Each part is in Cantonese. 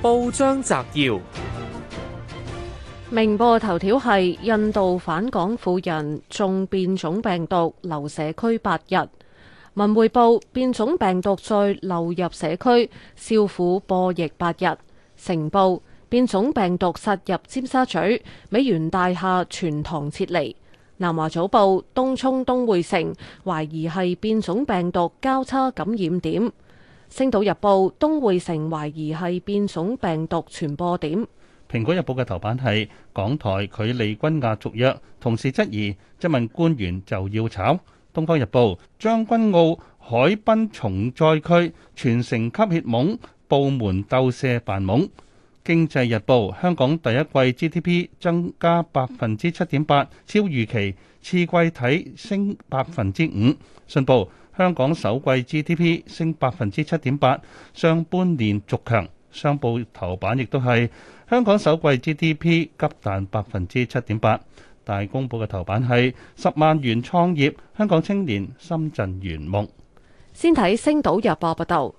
報章摘要：明報頭條係印度返港婦人中變種病毒留社區八日；文匯報變種病毒再流入社區，少婦播疫八日；成報變種病毒殺入尖沙咀，美元大廈全堂撤離；南華早報東涌東薈城懷疑係變種病毒交叉感染點。星島日報：東薈城懷疑係變種病毒傳播點。蘋果日報嘅頭版係港台拒利君雅續約，同時質疑質問官員就要炒。東方日報：將軍澳海濱重災區全城吸血蠓，部門鬥射防蠓。經濟日報：香港第一季 GDP 增加百分之七點八，超預期。次季睇升百分之五。信報。香港首季 GDP 升百分之七點八，上半年續強。商報頭版亦都係香港首季 GDP 急彈百分之七點八，大公布嘅頭版係十萬元創業，香港青年深圳圓夢。先睇星島日報報道，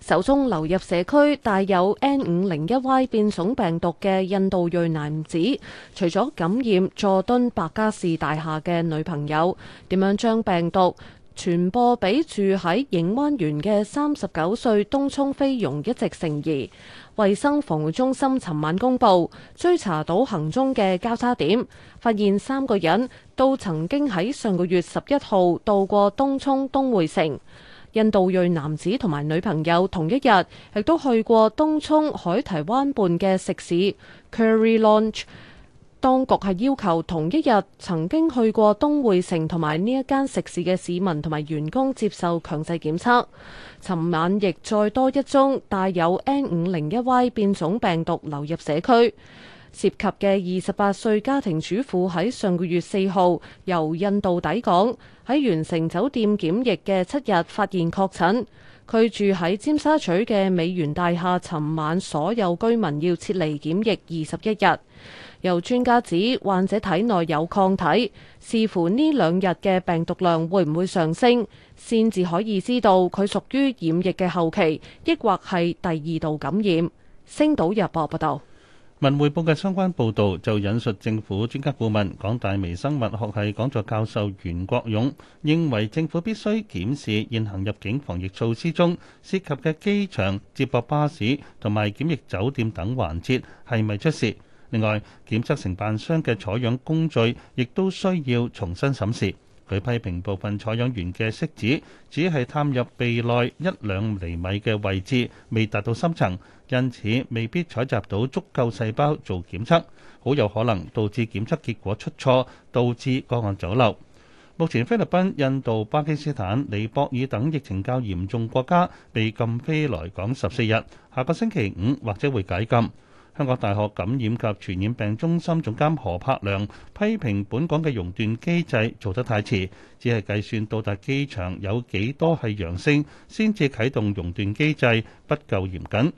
首宗流入社區帶有 N 五零一 Y 變種病毒嘅印度裔男子，除咗感染佐敦百家士大廈嘅女朋友，點樣將病毒傳播俾住喺影灣園嘅三十九歲東涌飛傭一直成疑。衞生防護中心尋晚公佈追查到行蹤嘅交叉點，發現三個人都曾經喺上個月十一號到過東涌東匯城。印度裔男子同埋女朋友同一日亦都去過東涌海堤灣畔嘅食肆 Curry Lunch。當局係要求同一日曾經去過東匯城同埋呢一間食肆嘅市民同埋員工接受強制檢測。尋晚亦再多一宗帶有 N 五零一 Y 變種病毒流入社區，涉及嘅二十八歲家庭主婦喺上個月四號由印度抵港，喺完成酒店檢疫嘅七日發現確診。佢住喺尖沙咀嘅美元大廈，尋晚所有居民要撤離檢疫二十一日。由專家指，患者體內有抗體，視乎呢兩日嘅病毒量會唔會上升，先至可以知道佢屬於染疫嘅後期，抑或係第二度感染。星島日報報道，《文匯報》嘅相關報導就引述政府專家顧問、港大微生物學系講座教授袁國勇，認為政府必須檢視現行入境防疫措施中涉及嘅機場接駁巴士同埋檢疫酒店等環節係咪出事。另外，檢測承辦商嘅採樣工序亦都需要重新審視。佢批評部分採樣員嘅拭子只係探入鼻內一兩厘米嘅位置，未達到深層，因此未必採集到足夠細胞做檢測，好有可能導致檢測結果出錯，導致個案走漏。目前，菲律賓、印度、巴基斯坦、尼泊爾等疫情較嚴重國家被禁飛來港十四日，下個星期五或者會解禁。香港大學感染及傳染病中心總監何柏良批評本港嘅熔斷機制做得太遲，只係計算到達機場有幾多係陽性先至啟動熔斷機制，不夠嚴謹。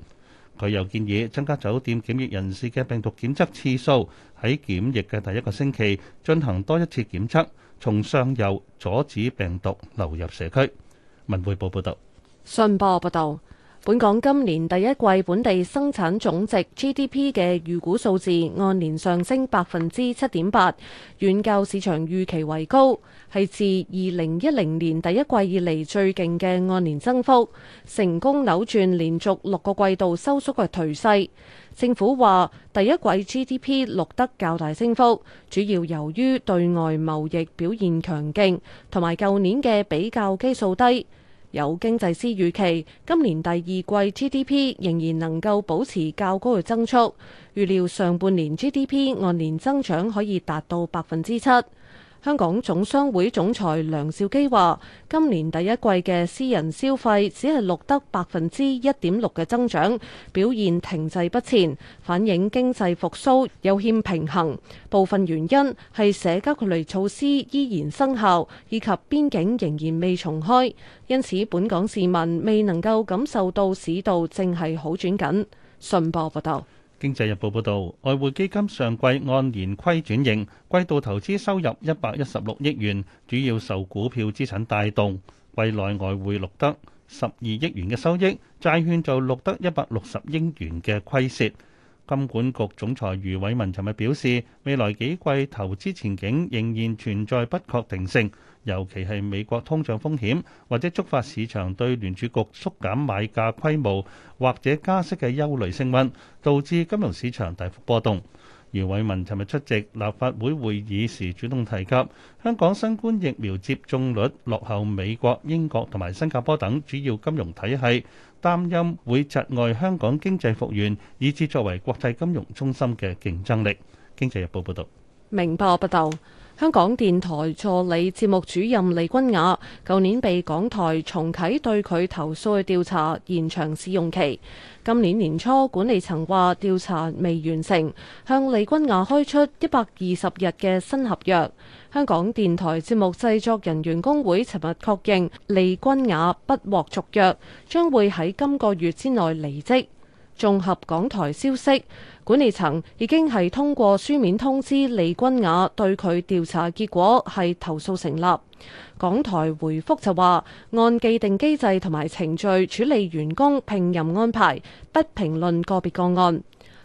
佢又建議增加酒店檢疫人士嘅病毒檢測次數，喺檢疫嘅第一個星期進行多一次檢測，從上游阻止病毒流入社區。文匯報報道。信報報道。本港今年第一季本地生產總值 GDP 嘅預估數字按年上升百分之七點八，遠較市場預期為高，係自二零一零年第一季以嚟最勁嘅按年增幅，成功扭轉連續六個季度收縮嘅頹勢。政府話第一季 GDP 錄得較大升幅，主要由於對外貿易表現強勁同埋舊年嘅比較基數低。有經濟師預期，今年第二季 GDP 仍然能夠保持較高嘅增速，預料上半年 GDP 按年增長可以達到百分之七。香港總商會總裁梁兆基話，今年第一季嘅私人消費只係錄得百分之一點六嘅增長，表現停滯不前，反映經濟復甦有欠平衡。部分原因係社交距離措施依然生效，以及邊境仍然未重開，因此本港市民未能夠感受到市道正係好轉緊。信報報道。經濟日報報導，外匯基金上季按年虧轉盈，季度投資收入一百一十六億元，主要受股票資產帶動，季內外匯錄得十二億元嘅收益，債券就錄得一百六十億元嘅虧蝕。金管局總裁余偉文尋日表示，未來幾季投資前景仍然存在不確定性，尤其係美國通脹風險，或者觸發市場對聯儲局縮減買債規模或者加息嘅憂慮升温，導致金融市場大幅波動。余偉文尋日出席立法會會議時，主動提及香港新冠疫苗接種率落後美國、英國同埋新加坡等主要金融體系，擔憂會窒礙香港經濟復原，以致作為國際金融中心嘅競爭力。經濟日報報導。明報不報。香港電台助理節目主任利君雅，舊年被港台重啟對佢投訴嘅調查，延長試用期。今年年初管理層話調查未完成，向利君雅開出一百二十日嘅新合約。香港電台節目製作人員工會尋日確認，利君雅不獲續約，將會喺今個月之內離職。綜合港台消息，管理層已經係通過書面通知利君雅，對佢調查結果係投訴成立。港台回覆就話，按既定機制同埋程序處理員工聘任安排，不評論個別個案。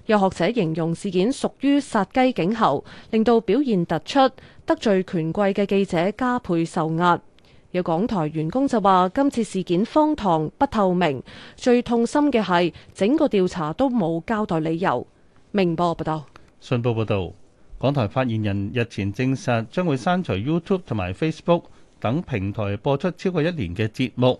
有學者形容事件屬於殺雞儆猴，令到表現突出、得罪權貴嘅記者加倍受壓。有港台員工就話：今次事件荒唐不透明，最痛心嘅係整個調查都冇交代理由。明報報道：「信報報道，港台發言人日前證實將會刪除 YouTube 同埋 Facebook 等平台播出超過一年嘅節目，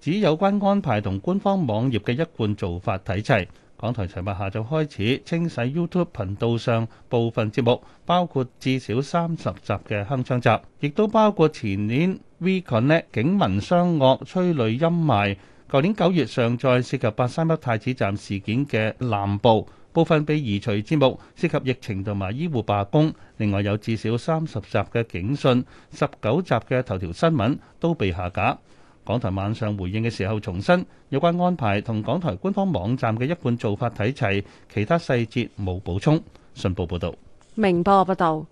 指有關安排同官方網頁嘅一貫做法睇齊。港台尋日下晝開始清洗 YouTube 頻道上部分節目，包括至少三十集嘅鏗鏘集，亦都包括前年。V Connect 警民相惡，催淚陰霾。舊年九月上載涉及八三一太子站事件嘅南部部分被移除節目，涉及疫情同埋醫護罷工。另外有至少三十集嘅警訊，十九集嘅頭條新聞都被下架。港台晚上回應嘅時候重申，有關安排同港台官方網站嘅一貫做法睇齊，其他細節冇補充。信報報道：明報報道。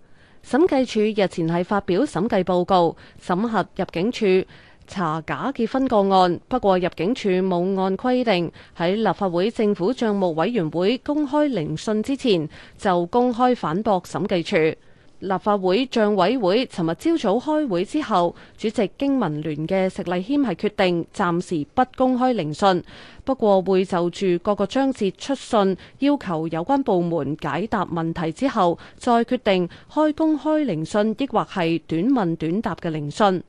審計署日前係發表審計報告，審核入境處查假結婚個案，不過入境處冇按規定喺立法會政府帳目委員會公開聆訊之前就公開反駁審計署。立法會帳委會尋日朝早開會之後，主席經民聯嘅石禮謙係決定暫時不公開聆訊。不過會就住各個章節出信，要求有關部門解答問題之後，再決定開公開聆訊，抑或係短問短答嘅聆訊。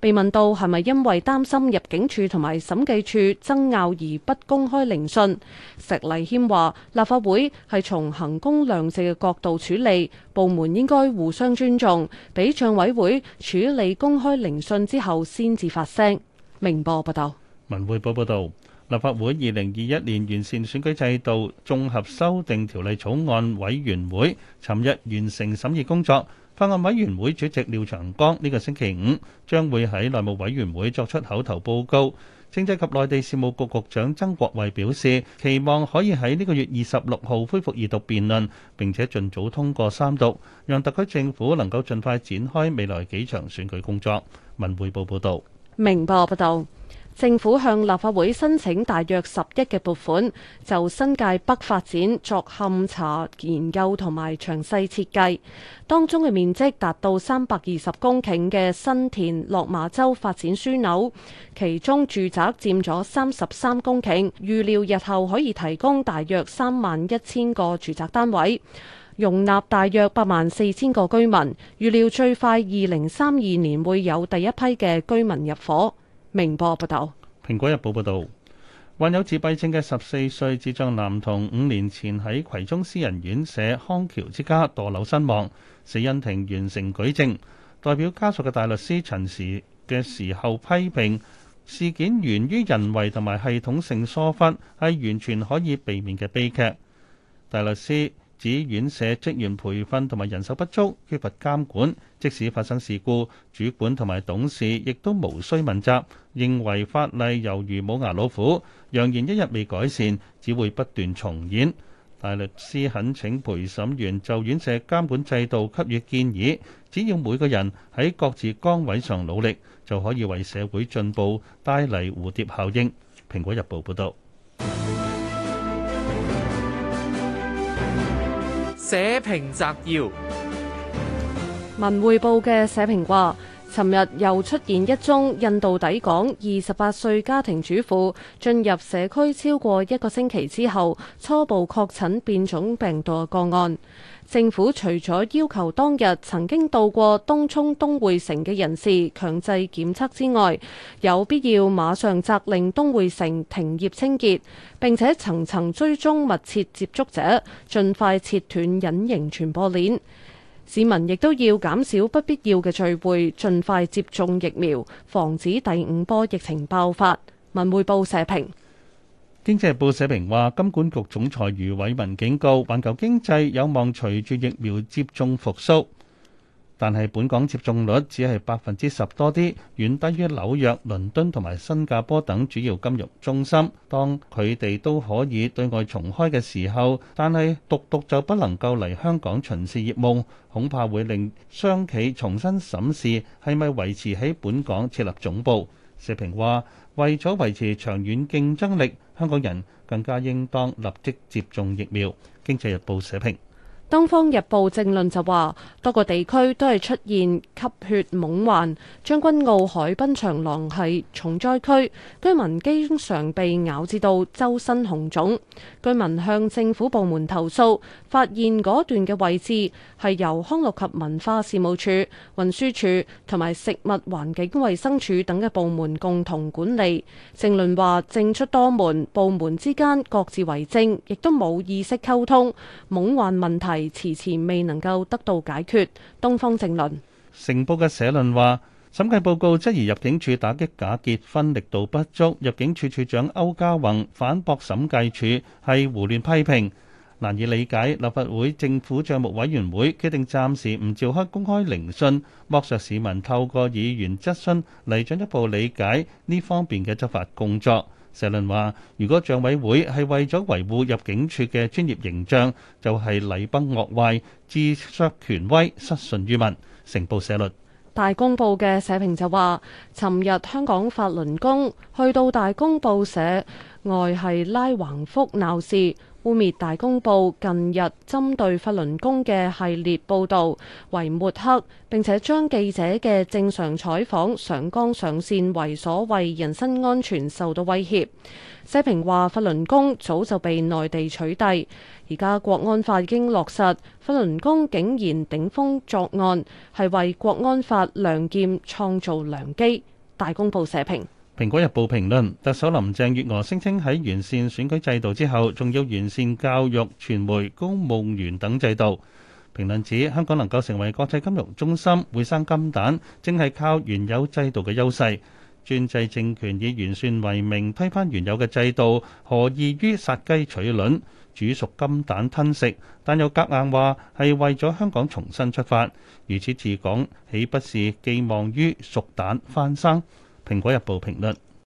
被問到係咪因為擔心入境處同埋審計處爭拗而不公開聆訊，石禮謙話：立法會係從行公量政嘅角度處理，部門應該互相尊重，俾帳委會處理公開聆訊之後先至發聲。明報報道，文匯報報道。立法會二零二一年完善選舉制度綜合修訂條例草案委員會尋日完成審議工作，法案委員會主席廖長江呢個星期五將會喺內務委員會作出口頭報告。政制及內地事務局局長曾國衛表示，期望可以喺呢個月二十六號恢復二讀辯論，並且盡早通過三讀，讓特區政府能夠盡快展開未來幾場選舉工作。文匯報報導。明報報導。政府向立法會申請大約十億嘅撥款，就新界北發展作勘查研究同埋詳細設計。當中嘅面積達到三百二十公頃嘅新田落馬洲發展樞紐，其中住宅佔咗三十三公頃，預料日後可以提供大約三萬一千個住宅單位，容納大約八萬四千個居民。預料最快二零三二年會有第一批嘅居民入伙。明報報道，《蘋果日報》報道，患有自閉症嘅十四歲智障男童五年前喺葵涌私人院舍康橋之家墮樓身亡，死因庭完成舉證，代表家屬嘅大律師陳時嘅時候批評，事件源於人為同埋系統性疏忽，係完全可以避免嘅悲劇。大律師，指院舍職員培訓同埋人手不足，缺乏監管，即使發生事故，主管同埋董事亦都無需問責，認為法例猶如冇牙老虎，揚言一日未改善，只會不斷重演。大律師懇請陪審員就院舍監管制度給予建議，只要每個人喺各自崗位上努力，就可以為社會進步帶嚟蝴蝶效應，蘋果日報報道。社評摘要，《文匯報社評》嘅社評話。尋日又出現一宗印度抵港、二十八歲家庭主婦進入社區超過一個星期之後，初步確診變種病毒個案。政府除咗要求當日曾經到過東涌東匯城嘅人士強制檢測之外，有必要馬上責令東匯城停業清潔，並且層層追蹤密切接觸者，盡快切斷隱形傳播鏈。市民亦都要減少不必要嘅聚會，盡快接種疫苗，防止第五波疫情爆發。文匯報社評。《經濟日報》社評話：金管局總裁余偉文警告，環球經濟有望隨住疫苗接種復甦。但係本港接種率只係百分之十多啲，遠低於紐約、倫敦同埋新加坡等主要金融中心。當佢哋都可以對外重開嘅時候，但係獨獨就不能夠嚟香港巡視業務，恐怕會令商企重新審視係咪維持喺本港設立總部。社評話，為咗維持長遠競爭力，香港人更加應當立即接種疫苗。經濟日報社評。《東方日報》正論就話，多個地區都係出現吸血蚊患，將軍澳海濱長廊係重災區，居民經常被咬至到周身紅腫。居民向政府部門投訴，發現嗰段嘅位置係由康樂及文化事務署、運輸署同埋食物環境衞生署等嘅部門共同管理。正論話，政出多門，部門之間各自為政，亦都冇意識溝通，蚊患問題，遲遲未能夠得到解決。東方正論。成報嘅社論話，審計報告質疑入境處打擊假結婚力度不足，入境處處長區嘉宏反駁審計署係胡亂批評，難以理解。立法會政府賬目委員會決定暫時唔召開公開聆訊，剝削市民透過議員質詢嚟進一步理解呢方面嘅執法工作。社論話：如果帳委會係為咗維護入境處嘅專業形象，就係、是、禮崩樂壞、自削權威、失信於民。成報社論。大公報嘅社評就話：尋日香港法輪功去到大公報社外係拉橫幅鬧事，污蔑大公報近日針對法輪功嘅系列報導為抹黑，並且將記者嘅正常採訪上綱上線為所謂人身安全受到威脅。社評話法輪功早就被內地取締，而家國安法已經落實，法輪功竟然頂風作案，係為國安法亮劍創造良機。大公報社評。《蘋果日報》評論，特首林鄭月娥聲稱喺完善選舉制度之後，仲要完善教育、傳媒、公務員等制度。評論指香港能夠成為國際金融中心，會生金蛋，正係靠原有制度嘅優勢。專制政權以「完善」為名推翻原有嘅制度，何異於殺雞取卵、煮熟金蛋吞食？但又夾硬話係為咗香港重新出發，如此治港，豈不是寄望於熟蛋翻生？《蘋果日報》評論。